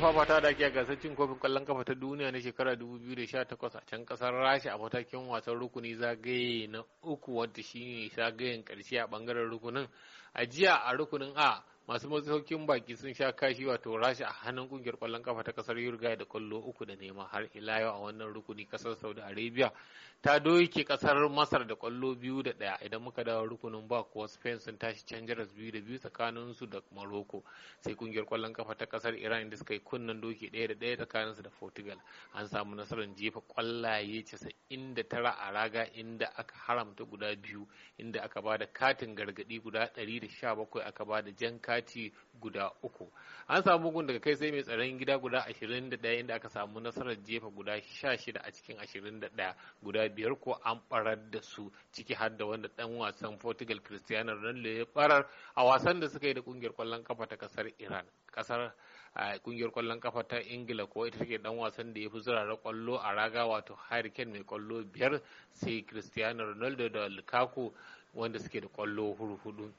fafata da ake a gasar cin kofin kwallon kafa ta duniya na shekara 2018 a can kasar rasha a matakin wasan rukuni zagaye na uku wanda shine zagayen karshe a bangaren rukunin a jiya a rukunin a masu masaukin baki sun sha kashi wato rashi a hannun kungiyar kwallon kafa ta kasar Uruguay da kwallo uku da nema har ila yau a wannan rukuni kasar Saudi Arabia ta doke kasar Masar da kwallo biyu da daya idan muka dawo rukunin ba kuwa Spain sun tashi can jaras biyu da biyu tsakanin da Morocco sai kungiyar kwallon kafa ta kasar Iran da suka yi kunnen doki daya da daya tsakanin da Portugal an samu nasarar jefa kwallaye casain da tara a raga inda aka haramta guda biyu inda aka ba da katin gargadi guda ɗari da sha bakwai aka ba da jan kaji sati guda uku an samu bugun daga kai sai mai tsaron gida guda 21 inda aka samu nasarar jefa guda 16 a cikin 21 guda biyar ko an barar da su ciki har da wanda dan wasan Portugal Cristiano Ronaldo ya barar a wasan da suka yi da kungiyar kwallon kafa ta kasar Iran kasar a kungiyar kwallon kafa ta ingila ko ita take dan wasan da ya fi zurara kwallo a raga wato hurricane mai kwallo biyar sai cristiano ronaldo da lukaku wanda suke da kwallo huru hudu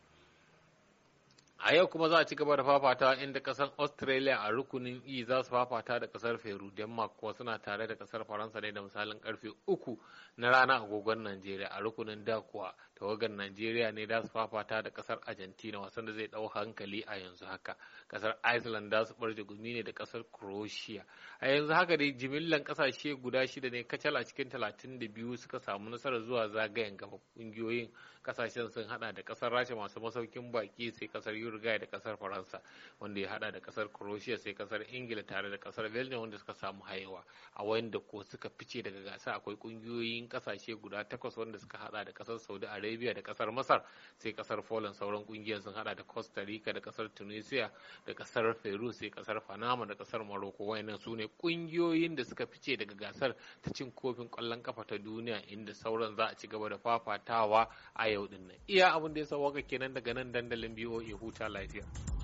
A yau kuma za a ci gaba da fafata inda kasar Australia a rukunin E za su fafata da kasar Peru, Denmark kuwa suna tare da kasar Faransa ne da misalin karfe uku na rana agogon Najeriya a rukunin da kuwa tawagar Najeriya ne za su fafata da kasar Argentina wasan da zai dau hankali a yanzu haka. Kasar Iceland za su barje gumi ne da kasar Croatia. A yanzu haka dai jimillan kasashe guda shida ne kacal a cikin talatin da biyu suka samu nasarar zuwa zagayen gaba kungiyoyin kasashen sun hada da kasar Rasha masu masaukin baki sai kasar uruguay da kasar faransa wanda ya hada da kasar croatia sai kasar ingila tare da kasar belgium wanda suka samu hayewa a wanda ko suka fice daga gasa akwai kungiyoyin kasashe guda takwas wanda suka hada da kasar saudi arabia da kasar masar sai kasar poland sauran kungiyar sun hada da costa rica da kasar tunisia da kasar peru sai kasar panama da kasar morocco wayannan su ne kungiyoyin da suka fice daga gasar ta cin kofin kwallon kafa ta duniya inda sauran za a ci gaba da fafatawa a yau din iya abin da ya sauwaka kenan daga nan dandalin BOA huta huta lafiya.